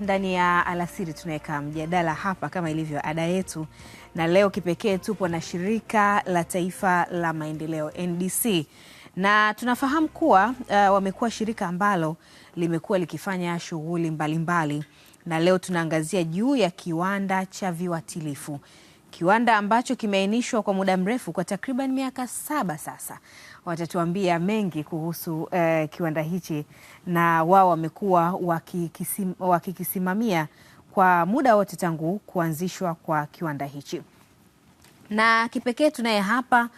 ndani ya Alasiri tunaweka mjadala hapa kama ilivyo ada yetu, na leo kipekee tupo na shirika la taifa la maendeleo NDC, na tunafahamu kuwa uh, wamekuwa shirika ambalo limekuwa likifanya shughuli mbalimbali, na leo tunaangazia juu ya kiwanda cha viwatilifu kiwanda ambacho kimeainishwa kwa muda mrefu kwa takriban miaka saba sasa. Watatuambia mengi kuhusu eh, kiwanda hichi na wao wamekuwa wakikisimamia kwa muda wote tangu kuanzishwa kwa kiwanda hichi. Na kipekee tunaye hapa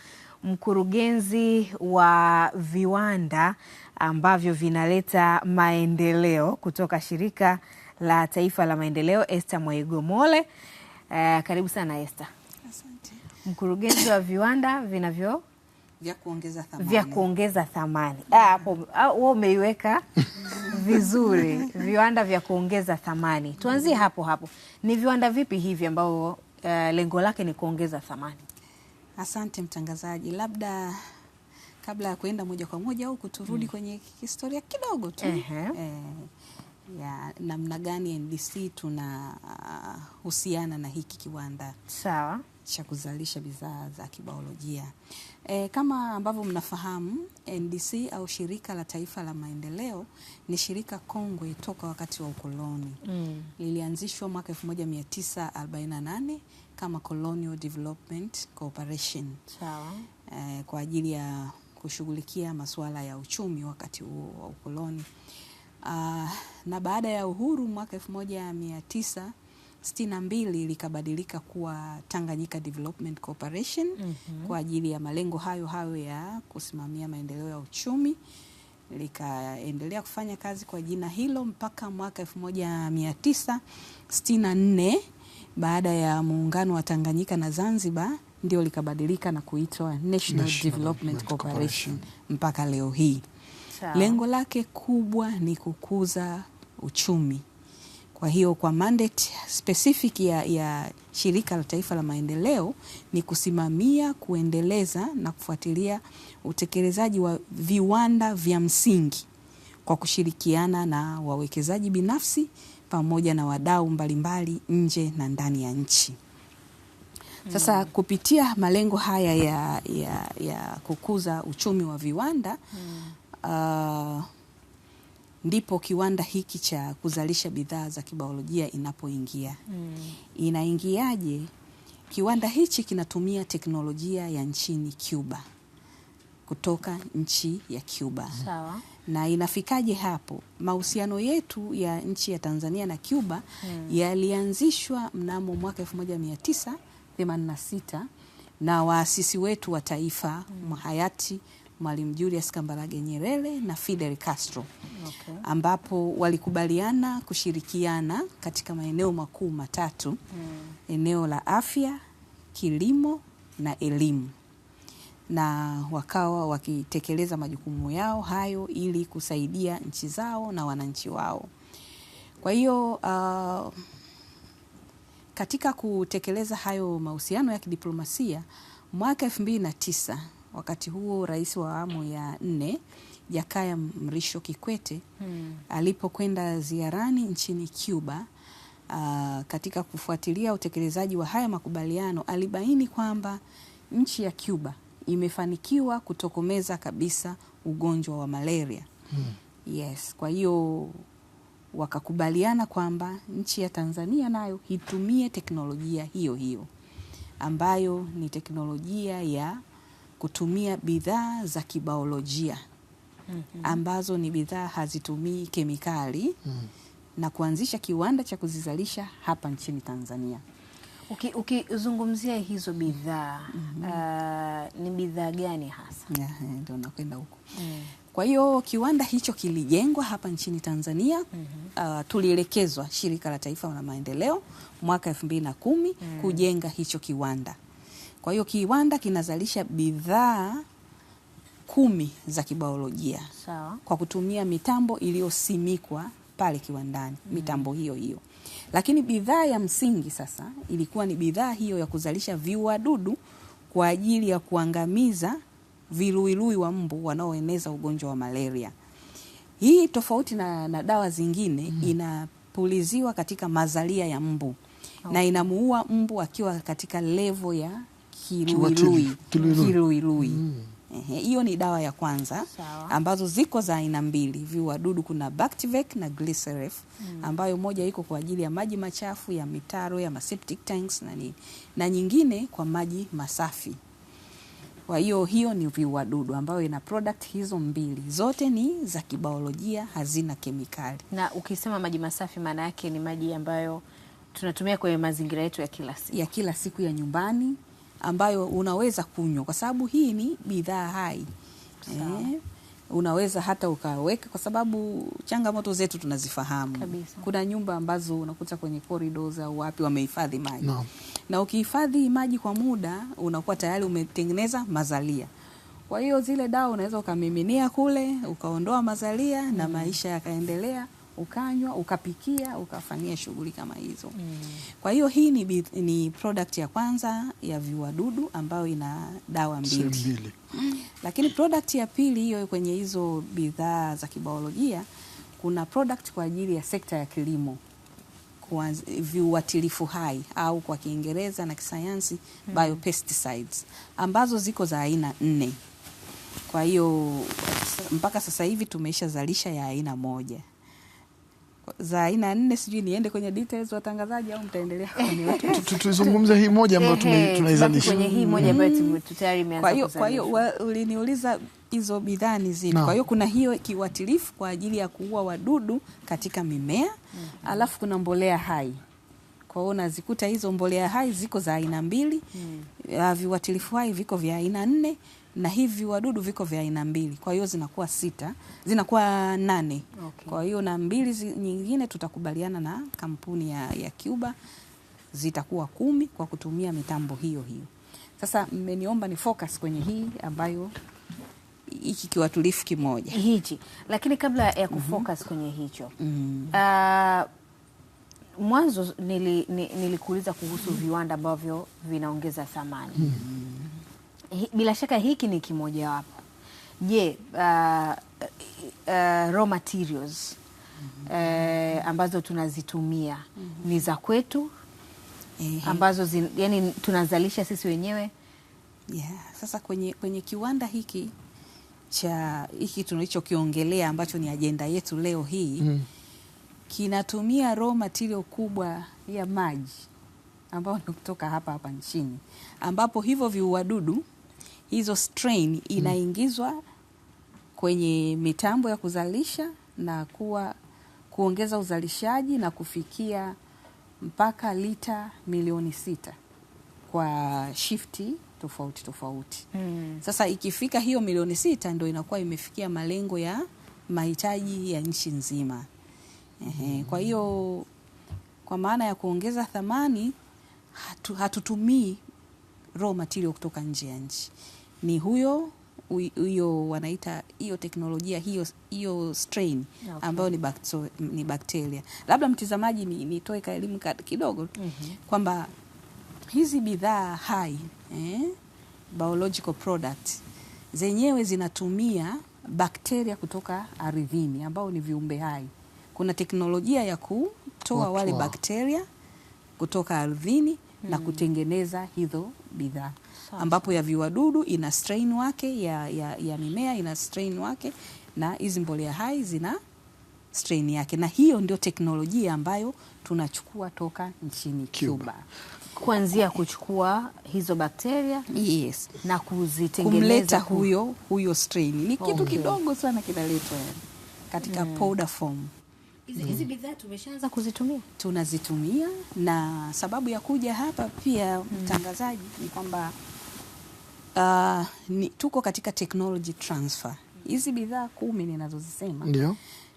mkurugenzi wa viwanda ambavyo vinaleta maendeleo kutoka Shirika la Taifa la Maendeleo, Esther Mwaigomole. Uh, karibu sana Esther. Asante. Mkurugenzi wa viwanda vinavyo vya kuongeza thamani, vya kuongeza thamani. Ah, hapo ah, wewe umeiweka vizuri viwanda vya kuongeza thamani. Tuanzie hapo hapo, ni viwanda vipi hivi ambavyo uh, eh, lengo lake ni kuongeza thamani? Asante mtangazaji, labda kabla ya kuenda moja kwa moja au kuturudi mm. kwenye historia kidogo tu uh -huh. eh, ya namna gani NDC tunahusiana uh, na hiki kiwanda sawa cha kuzalisha bidhaa za kibiolojia. E, kama ambavyo mnafahamu NDC au Shirika la Taifa la Maendeleo ni shirika kongwe toka wakati wa ukoloni mm. Lilianzishwa mwaka 1948 kama Colonial Development Corporation sawa. E, kwa ajili ya kushughulikia masuala ya uchumi wakati huo wa ukoloni. Ah, na baada ya uhuru mwaka 1962 likabadilika kuwa Tanganyika Development Corporation mm -hmm. kwa ajili ya malengo hayo hayo ya kusimamia maendeleo ya uchumi likaendelea kufanya kazi kwa jina hilo mpaka mwaka 1964 baada ya muungano wa Tanganyika na Zanzibar ndio likabadilika na kuitwa National, National Development Corporation mpaka leo hii. Sao. Lengo lake kubwa ni kukuza uchumi. Kwa hiyo kwa mandate specific ya, ya Shirika la Taifa la Maendeleo ni kusimamia, kuendeleza na kufuatilia utekelezaji wa viwanda vya msingi kwa kushirikiana na wawekezaji binafsi pamoja na wadau mbalimbali nje na ndani ya nchi. Sasa hmm. kupitia malengo haya ya, ya, ya kukuza uchumi wa viwanda hmm uh, ndipo kiwanda hiki cha kuzalisha bidhaa za kibiolojia inapoingia. Mm. Inaingiaje? Kiwanda hichi kinatumia teknolojia ya nchini Cuba, kutoka nchi ya Cuba. Sawa. Na inafikaje hapo? Mahusiano yetu ya nchi ya Tanzania na Cuba mm. yalianzishwa mnamo mwaka 1986 na waasisi wetu wa taifa mm. hayati Mwalimu Julius Kambarage Nyerere na Fidel Castro okay. ambapo walikubaliana kushirikiana katika maeneo makuu matatu mm. eneo la afya, kilimo na elimu na wakawa wakitekeleza majukumu yao hayo ili kusaidia nchi zao na wananchi wao. Kwa hiyo uh, katika kutekeleza hayo mahusiano ya kidiplomasia mwaka elfu mbili na tisa wakati huo rais wa awamu ya nne Jakaya Mrisho Kikwete hmm. alipokwenda ziarani nchini Cuba uh, katika kufuatilia utekelezaji wa haya makubaliano alibaini kwamba nchi ya Cuba imefanikiwa kutokomeza kabisa ugonjwa wa malaria hmm. Yes, kwa hiyo wakakubaliana kwamba nchi ya Tanzania nayo itumie teknolojia hiyo hiyo ambayo ni teknolojia ya kutumia bidhaa za kibaolojia mm -hmm. ambazo ni bidhaa hazitumii kemikali mm -hmm. na kuanzisha kiwanda cha kuzizalisha hapa nchini Tanzania. Ukizungumzia uki, hizo bidhaa mm -hmm. uh, ni bidhaa gani hasa? Ndio nakwenda huko mm. Kwa hiyo kiwanda hicho kilijengwa hapa nchini Tanzania mm -hmm. uh, tulielekezwa Shirika la Taifa la Maendeleo mwaka elfu mbili na kumi mm. kujenga hicho kiwanda kwa hiyo kiwanda kinazalisha bidhaa kumi za kibaolojia kwa kutumia mitambo iliyosimikwa pale kiwandani mm. mitambo hiyo hiyo, lakini bidhaa ya msingi sasa ilikuwa ni bidhaa hiyo ya kuzalisha viwadudu kwa ajili ya kuangamiza viluilui wa mbu wanaoeneza ugonjwa wa malaria. Hii tofauti na, na dawa zingine mm. inapuliziwa katika mazalia ya mbu okay. na inamuua mbu akiwa katika levo ya kiruirui mm. Hiyo ni dawa ya kwanza Sawa. ambazo ziko za aina mbili viuadudu, kuna Bactivec na mm. ambayo moja iko kwa ajili ya maji machafu ya mitaro ya septic tanks na nini, na nyingine kwa maji masafi. Kwa hiyo hiyo ni viuadudu ambayo ina product hizo mbili, zote ni za kibaolojia, hazina kemikali. Na ukisema maji masafi, maana yake ni maji ambayo tunatumia kwenye mazingira yetu ya kila siku ya kila siku ya nyumbani ambayo unaweza kunywa kwa sababu hii ni bidhaa hai eh, unaweza hata ukaweka, kwa sababu changamoto zetu tunazifahamu kabisa. Kuna nyumba ambazo unakuta kwenye corridors au wapi wamehifadhi maji no. na ukihifadhi maji kwa muda unakuwa tayari umetengeneza mazalia kwa hiyo zile dawa unaweza ukamiminia kule ukaondoa mazalia mm. na maisha yakaendelea ukanywa, ukapikia, ukafanyia shughuli kama hizo mm. Kwa hiyo hii ni, ni product ya kwanza ya viwadudu ambayo ina dawa mbili mm. Lakini product ya pili hiyo kwenye hizo bidhaa za kibiolojia kuna product kwa ajili ya sekta ya kilimo viuatilifu hai au kwa Kiingereza na kisayansi mm. biopesticides ambazo ziko za aina nne. Kwa hiyo mpaka sasa hivi tumeshazalisha ya aina moja za aina nne, sijui niende kwenye details watangazaji au mtaendelea kwenye eh. hii moja ambayo tunaizanisha kwenye hii moja ambayo mm-hmm. tayari imeanza. Kwa hiyo kwa hiyo uliniuliza hizo bidhaa ni zipi? Kwa hiyo kuna hiyo kiuatilifu kwa ajili ya kuua wadudu katika mimea, mm-hmm. alafu kuna mbolea hai kwa hiyo unazikuta hizo mbolea hai ziko za aina mbili, mm. Ah, viuatilifu hai viko vya aina nne na hivi wadudu viko vya aina mbili, kwa hiyo zinakuwa sita, zinakuwa nane. Okay. Kwa hiyo na mbili nyingine tutakubaliana na kampuni ya, ya Cuba zitakuwa kumi kwa kutumia mitambo hiyo hiyo. Sasa mmeniomba ni focus kwenye hii ambayo hiki kiwatulifu kimoja hichi, lakini kabla ya mhm. kufocus mm -hmm. kwenye hicho mm -hmm. uh, mwanzo nili, nilikuuliza kuhusu viwanda ambavyo vinaongeza thamani mm -hmm bila shaka hiki ni kimojawapo. Je, uh, uh, raw materials mm -hmm. uh, ambazo tunazitumia mm -hmm. ni za kwetu mm ambazo zin, yani tunazalisha sisi wenyewe yeah. Sasa kwenye, kwenye kiwanda hiki cha hiki tunachokiongelea ambacho ni ajenda yetu leo hii mm. kinatumia raw material kubwa ya maji ambayo ni kutoka hapa hapa nchini ambapo hivyo viuadudu hizo strain inaingizwa kwenye mitambo ya kuzalisha na kuwa kuongeza uzalishaji na kufikia mpaka lita milioni sita kwa shifti tofauti tofauti. Mm. Sasa ikifika hiyo milioni sita ndio inakuwa imefikia malengo ya mahitaji ya nchi nzima. Ehe, hmm. kwa hiyo kwa maana ya kuongeza thamani hatu, hatutumii raw material kutoka nje ya nchi ni huyo hiyo wanaita hiyo teknolojia hiyo hiyo strain okay, ambayo ni, bakto, ni bakteria. Labda mtizamaji, nitoe ni kaelimu kidogo mm -hmm. kwamba hizi bidhaa hai eh, biological product zenyewe zinatumia bakteria kutoka ardhini ambao ni viumbe hai. Kuna teknolojia ya kutoa wale bakteria kutoka ardhini na hmm. kutengeneza hizo bidhaa ambapo ya viwadudu ina strain wake ya, ya, ya mimea ina strain wake na hizi mbolea hai zina strain yake, na hiyo ndio teknolojia ambayo tunachukua toka nchini Cuba, Cuba. Kuanzia kuchukua hizo bakteria yes, na kuzitengeneza kumleta huyo huyo strain ni kitu okay, oh, kidogo sana kinaletwa katika mm. powder form hizi bidhaa tumeshaanza kuzitumia, tunazitumia na sababu ya kuja hapa pia hmm. mtangazaji mm. ni kwamba uh, ni, tuko katika technology transfer. Hizi bidhaa kumi ninazozisema ndio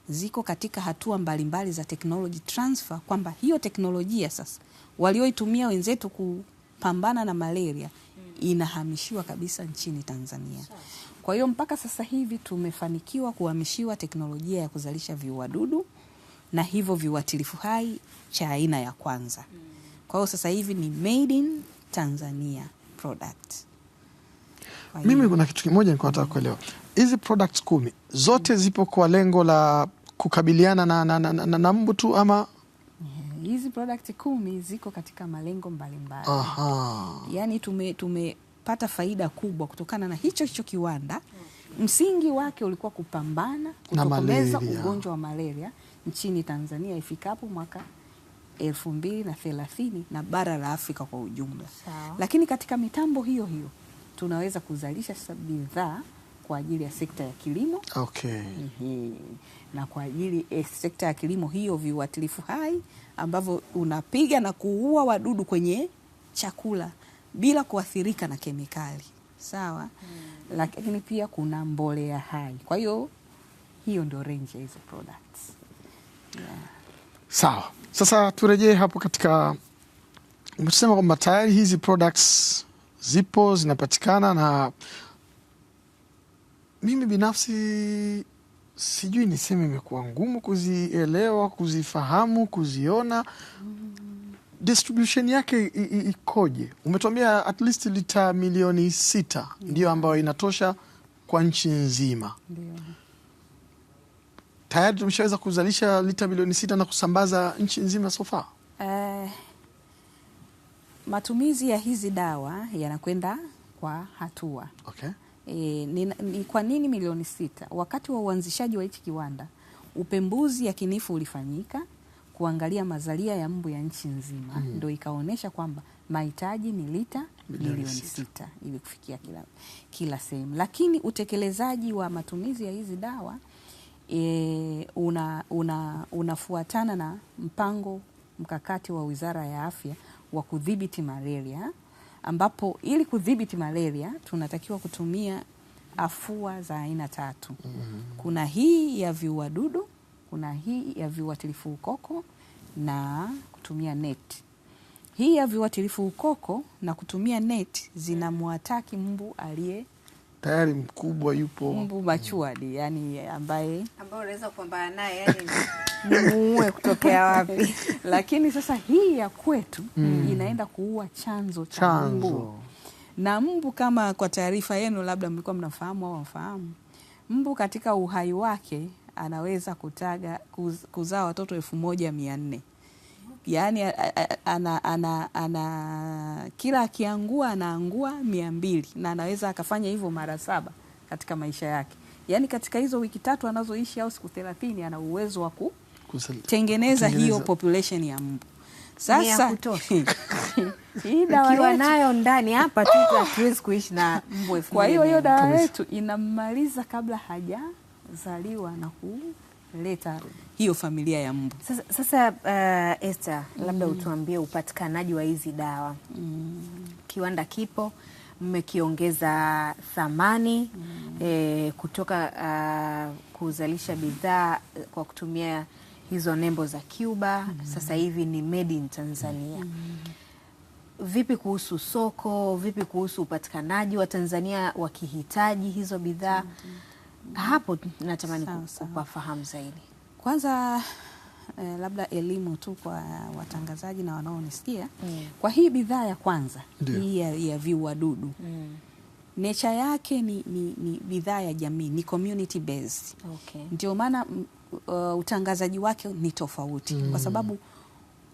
ziko katika hatua mbalimbali mbali za technology transfer, kwamba hiyo teknolojia sasa walioitumia wenzetu kupambana na malaria hmm. inahamishiwa kabisa nchini Tanzania. Kwa hiyo mpaka sasa hivi tumefanikiwa kuhamishiwa teknolojia ya kuzalisha viuadudu na hivyo viuatilifu hai cha aina ya kwanza. Kwa hiyo sasa hivi ni made in Tanzania product. Mimi kuna kitu kimoja nilikuwa nataka kuelewa, hizi products kumi zote mm. zipo kwa lengo la kukabiliana na, na, na, na, na mbu tu ama hizi product kumi ziko katika malengo mbalimbali. yani tume tumepata faida kubwa kutokana na hicho hicho kiwanda. Mm. Msingi wake ulikuwa kupambana kutokomeza ugonjwa wa malaria nchini Tanzania ifikapo mwaka elfu mbili na thelathini na bara la Afrika kwa ujumla. Sao. Lakini katika mitambo hiyo hiyo tunaweza kuzalisha bidhaa kwa ajili ya sekta ya kilimo okay. na kwa ajili eh, sekta ya kilimo hiyo viuatilifu hai ambavyo unapiga na kuua wadudu kwenye chakula bila kuathirika na kemikali sawa. hmm. Lakini pia kuna mbolea hai, kwa hiyo hiyo ndio range ya hizo products. Sawa, sasa turejee hapo katika, umesema kwamba tayari hizi products zipo zinapatikana, na mimi binafsi sijui niseme imekuwa ngumu kuzielewa, kuzifahamu, kuziona distribution yake ikoje? Umetuambia at least lita milioni sita mm. ndiyo ambayo inatosha kwa nchi nzima. Ndiyo tayari tumeshaweza kuzalisha lita milioni sita na kusambaza nchi nzima sofa Eh, matumizi ya hizi dawa yanakwenda kwa hatua. Okay. E, ni, ni kwa nini milioni sita? Wakati wa uanzishaji wa hichi kiwanda upembuzi yakinifu ulifanyika kuangalia mazalia ya mbu ya nchi nzima mm. Ndo ikaonyesha kwamba mahitaji ni lita milioni sita ili kufikia kila, kila sehemu, lakini utekelezaji wa matumizi ya hizi dawa e, una, una, unafuatana na mpango mkakati wa Wizara ya Afya wa kudhibiti malaria, ambapo ili kudhibiti malaria tunatakiwa kutumia afua za aina tatu. mm -hmm. Kuna hii ya viuadudu, kuna hii ya viuatilifu ukoko na kutumia neti. Hii ya viuatilifu ukoko na kutumia neti zinamwataki mbu aliye tayari mkubwa yupo mbu machuadi, yani ambaye ambaye unaweza kupambana naye yani muue kutokea wapi? Lakini sasa hii ya kwetu mm. inaenda kuua chanzo cha mbu. Na mbu kama kwa taarifa yenu, labda mlikuwa mnafahamu au mfahamu, mbu katika uhai wake anaweza kutaga kuz, kuzaa watoto elfu moja mia nne yani ana, ana, ana kila akiangua anaangua mia mbili na anaweza akafanya hivyo mara saba katika maisha yake. yani katika hizo wiki tatu anazoishi au siku thelathini ana uwezo wa kutengeneza hiyo population ya mbu. Sasa hii dawa nayo ndani hapa tu hatuwezi kuishi na mbu. Kwa hiyo hiyo dawa yetu inammaliza kabla hajazaliwa na kuleta hiyo familia ya mbu. Sasa, sasa uh, Esther labda mm. utuambie upatikanaji wa hizi dawa mm. kiwanda kipo mmekiongeza thamani mm. e, kutoka uh, kuzalisha bidhaa eh, kwa kutumia hizo nembo za Cuba mm. sasa hivi ni made in Tanzania mm. Vipi kuhusu soko? Vipi kuhusu upatikanaji wa Tanzania wakihitaji hizo bidhaa? mm -hmm. Hapo natamani fahamu zaidi. Kwanza eh, labda elimu tu kwa watangazaji na wanaonisikia mm. Kwa hii bidhaa ya kwanza hii ya, ya viuadudu mm. Necha yake ni, ni, ni bidhaa ya jamii, ni community based okay. Ndio maana uh, utangazaji wake ni tofauti mm. Kwa sababu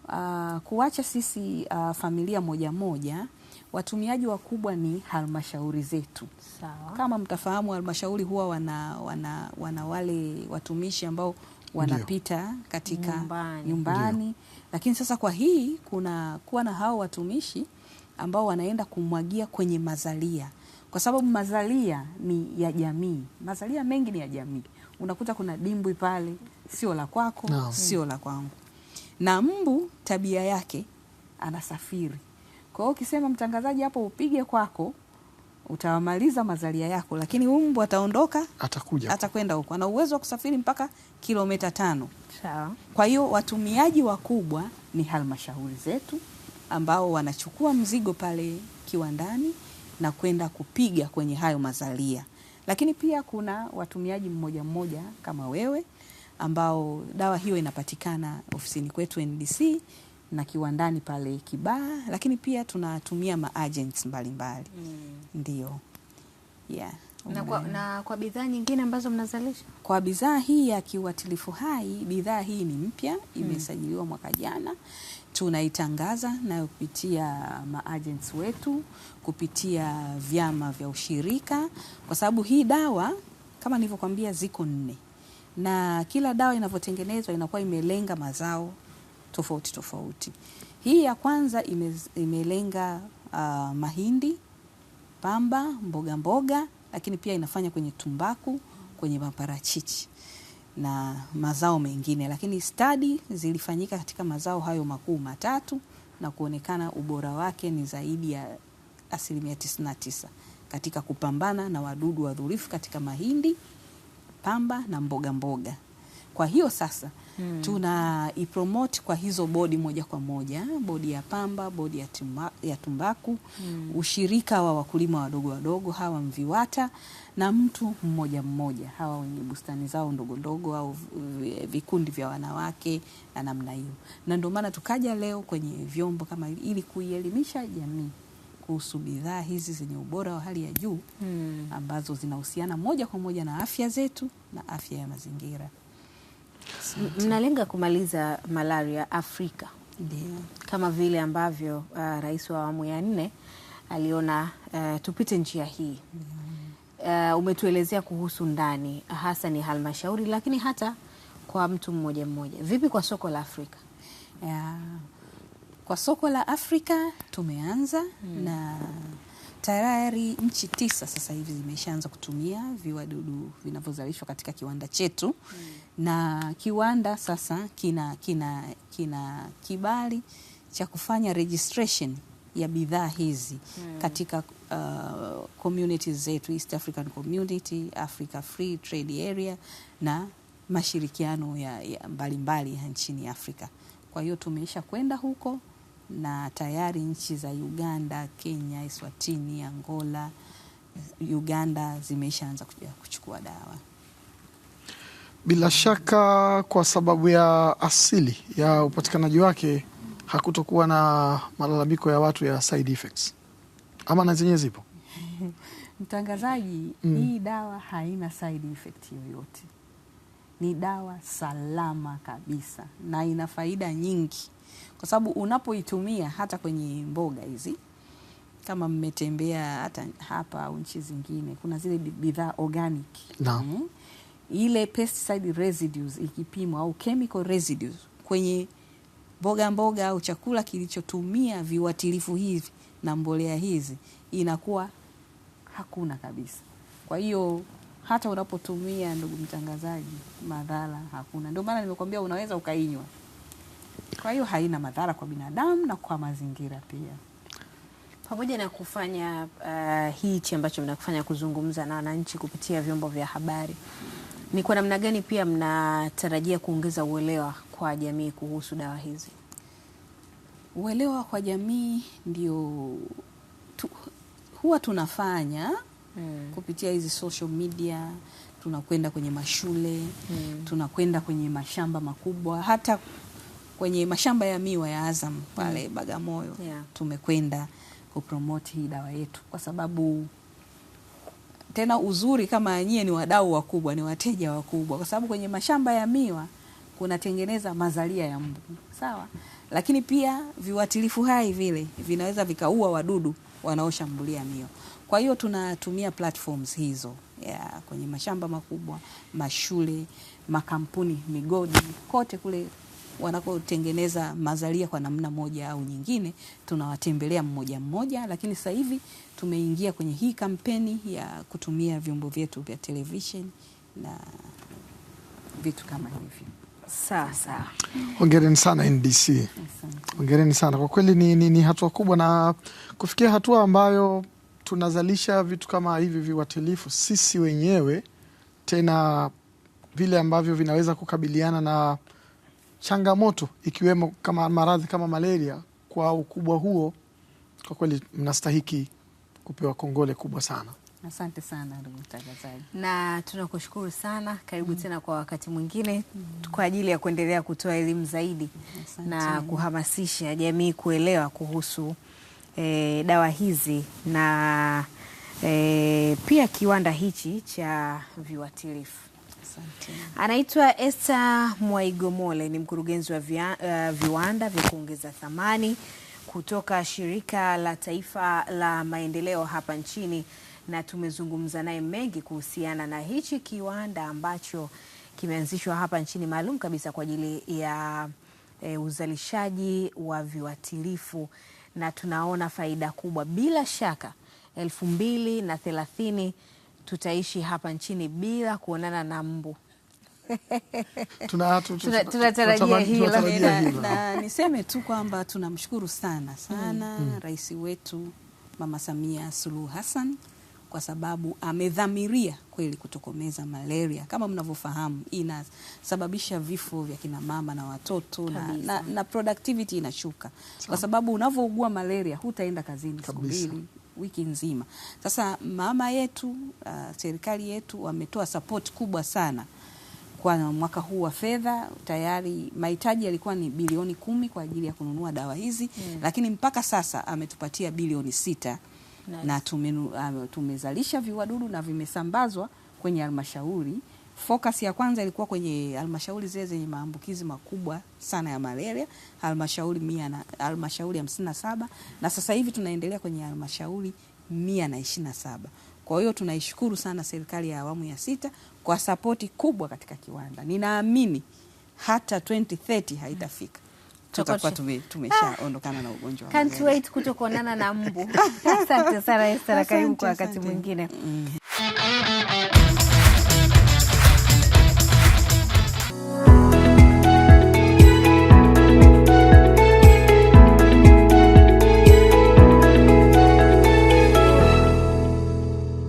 uh, kuacha sisi uh, familia moja moja watumiaji wakubwa ni halmashauri zetu. Sawa. Kama mtafahamu halmashauri huwa wana, wana, wana wale watumishi ambao wanapita katika nyumbani, nyumbani. Lakini sasa kwa hii kuna kuwa na hao watumishi ambao wanaenda kumwagia kwenye mazalia, kwa sababu mazalia ni ya jamii. Mazalia mengi ni ya jamii, unakuta kuna dimbwi pale, sio la kwako no. sio la kwangu. Na mbu tabia yake anasafiri, kwa hiyo ukisema mtangazaji hapo upige kwako utawamaliza mazalia yako, lakini huyu mbu ataondoka, atakuja, atakwenda huko. Ana uwezo wa kusafiri mpaka kilomita tano. Sawa. Kwa hiyo watumiaji wakubwa ni halmashauri zetu ambao wanachukua mzigo pale kiwandani na kwenda kupiga kwenye hayo mazalia, lakini pia kuna watumiaji mmoja mmoja kama wewe ambao dawa hiyo inapatikana ofisini kwetu NDC na kiwandani pale Kibaa, lakini pia tunatumia maagents mbalimbali mm. Ndio, yeah. Na kwa, na kwa bidhaa nyingine ambazo mnazalisha, kwa bidhaa hii ya kiuatilifu hai, bidhaa hii ni mpya, mm. imesajiliwa mwaka jana. Tunaitangaza nayo kupitia maagents wetu, kupitia vyama vya ushirika, kwa sababu hii dawa kama nilivyokwambia, ziko nne na kila dawa inavyotengenezwa inakuwa imelenga mazao tofauti tofauti. Hii ya kwanza ime, imelenga uh, mahindi, pamba, mboga mboga, lakini pia inafanya kwenye tumbaku, kwenye maparachichi na mazao mengine, lakini stadi zilifanyika katika mazao hayo makuu matatu na kuonekana ubora wake ni zaidi ya asilimia tisa katika kupambana na wadudu wadhurifu katika mahindi, pamba na mboga mboga. Kwa hiyo sasa hmm. ipromote kwa hizo bodi moja kwa moja, bodi ya pamba, bodi ya, tumba, ya tumbaku hmm. ushirika wa wakulima wadogo wadogo hawa MVIWATA na mtu mmoja mmoja hawa wenye bustani zao ndogo ndogo au vikundi vya wanawake na namna hiyo, na ndio maana tukaja leo kwenye vyombo kama ili kuielimisha jamii kuhusu bidhaa hizi zenye ubora wa hali ya juu hmm. ambazo zinahusiana moja kwa moja na afya zetu na afya ya mazingira. Mnalenga kumaliza malaria Afrika Ndiyo. kama vile ambavyo uh, rais wa awamu ya nne aliona uh, tupite njia hii uh, umetuelezea kuhusu ndani hasa ni halmashauri, lakini hata kwa mtu mmoja mmoja, vipi kwa soko la Afrika? Yeah. Kwa soko la Afrika tumeanza hmm. na tayari nchi tisa sasa hivi zimeshaanza kutumia viwadudu vinavyozalishwa katika kiwanda chetu mm. na kiwanda sasa kina, kina, kina kibali cha kufanya registration ya bidhaa hizi mm. katika uh, communities zetu East African Community, Africa Free Trade Area na mashirikiano ya mbalimbali ya mbali mbali nchini Afrika. Kwa hiyo tumeisha kwenda huko na tayari nchi za Uganda, Kenya, Eswatini, Angola, Uganda zimeshaanza kuchukua dawa. Bila shaka kwa sababu ya asili ya upatikanaji wake hakutokuwa na malalamiko ya watu ya side effects, ama na zenyewe zipo mtangazaji. Mm. Hii dawa haina side effect yoyote, ni dawa salama kabisa na ina faida nyingi kwa sababu unapoitumia hata kwenye mboga hizi kama mmetembea hata hapa au nchi zingine, kuna zile bidhaa organic no. Mm. Mm-hmm. Ile pesticide residues ikipimwa au chemical residues kwenye mboga mboga au chakula kilichotumia viuatilifu hivi na mbolea hizi inakuwa hakuna kabisa. Kwa hiyo hata unapotumia, ndugu mtangazaji, madhara hakuna. Ndio maana nimekwambia unaweza ukainywa kwa hiyo haina madhara kwa binadamu na kwa mazingira pia. Pamoja na kufanya uh, hichi ambacho mnakufanya kuzungumza na wananchi kupitia vyombo vya habari, ni kwa namna gani pia mnatarajia kuongeza uelewa kwa jamii kuhusu dawa hizi? Uelewa kwa jamii ndio tu, huwa tunafanya hmm. kupitia hizi social media tunakwenda kwenye mashule hmm. tunakwenda kwenye mashamba makubwa hata kwenye mashamba ya miwa ya Azam pale mm. Bagamoyo yeah. Tumekwenda kupromoti hii dawa yetu kwa sababu tena uzuri kama nyie ni wadau wakubwa, ni wateja wakubwa, kwa sababu kwenye mashamba ya miwa kunatengeneza mazalia ya mbu sawa, lakini pia viuatilifu hai vile vinaweza vikaua wadudu wanaoshambulia miwa. Kwa hiyo tunatumia platforms hizo yeah, kwenye mashamba makubwa, mashule, makampuni, migodi, kote kule wanakotengeneza mazalia kwa namna moja au nyingine, tunawatembelea mmoja mmoja, lakini sasa hivi tumeingia kwenye hii kampeni ya kutumia vyombo vyetu vya televisheni na vitu kama hivyo. Sasa hongereni sana NDC, hongereni sana kwa kweli, ni, ni, ni hatua kubwa na kufikia hatua ambayo tunazalisha vitu kama hivi viwatilifu sisi wenyewe, tena vile ambavyo vinaweza kukabiliana na changamoto ikiwemo kama maradhi kama malaria kwa ukubwa huo, kwa kweli mnastahiki kupewa kongole kubwa sana. Asante sana ndugu mtangazaji, na tunakushukuru sana. Karibu mm. tena kwa wakati mwingine mm. kwa ajili ya kuendelea kutoa elimu zaidi Asante. na kuhamasisha jamii kuelewa kuhusu eh, dawa hizi na eh, pia kiwanda hichi cha viuatilifu. Anaitwa Esther Mwaigomole ni mkurugenzi wa via, uh, viwanda vya kuongeza thamani kutoka Shirika la Taifa la Maendeleo hapa nchini, na tumezungumza naye mengi kuhusiana na hichi kiwanda ambacho kimeanzishwa hapa nchini maalum kabisa kwa ajili ya e, uzalishaji wa viwatilifu na tunaona faida kubwa bila shaka elfu mbili na thelathini tutaishi hapa nchini bila kuonana na mbu. Tunatarajia tuna hilo na, na niseme tu kwamba tunamshukuru sana sana mm. mm. Rais wetu Mama Samia Suluhu Hassan kwa sababu amedhamiria kweli kutokomeza malaria. Kama mnavyofahamu, inasababisha vifo vya kina mama na watoto na, na, na productivity inashuka, kwa sababu unavyougua malaria hutaenda kazini siku mbili wiki nzima. Sasa mama yetu uh, serikali yetu wametoa support kubwa sana kwa mwaka huu wa fedha. Tayari mahitaji yalikuwa ni bilioni kumi kwa ajili ya kununua dawa hizi yeah. Mm. Lakini mpaka sasa ametupatia bilioni sita nice. Na tume, uh, tumezalisha viwadudu na vimesambazwa kwenye halmashauri Focus ya kwanza ilikuwa kwenye halmashauri zile zenye maambukizi makubwa sana ya malaria, halmashauri mia na halmashauri hamsini na saba na sasa hivi tunaendelea kwenye halmashauri mia na ishirini na saba. Kwa hiyo tunaishukuru sana serikali ya awamu ya sita kwa sapoti kubwa katika kiwanda. Ninaamini hata 2030 haitafika tutakuwa tumeshaondokana ah, na ugonjwa wa can't wait kuto kuonana na mbu. Asante sana Esther, karibu kwa wakati mwingine. Mm.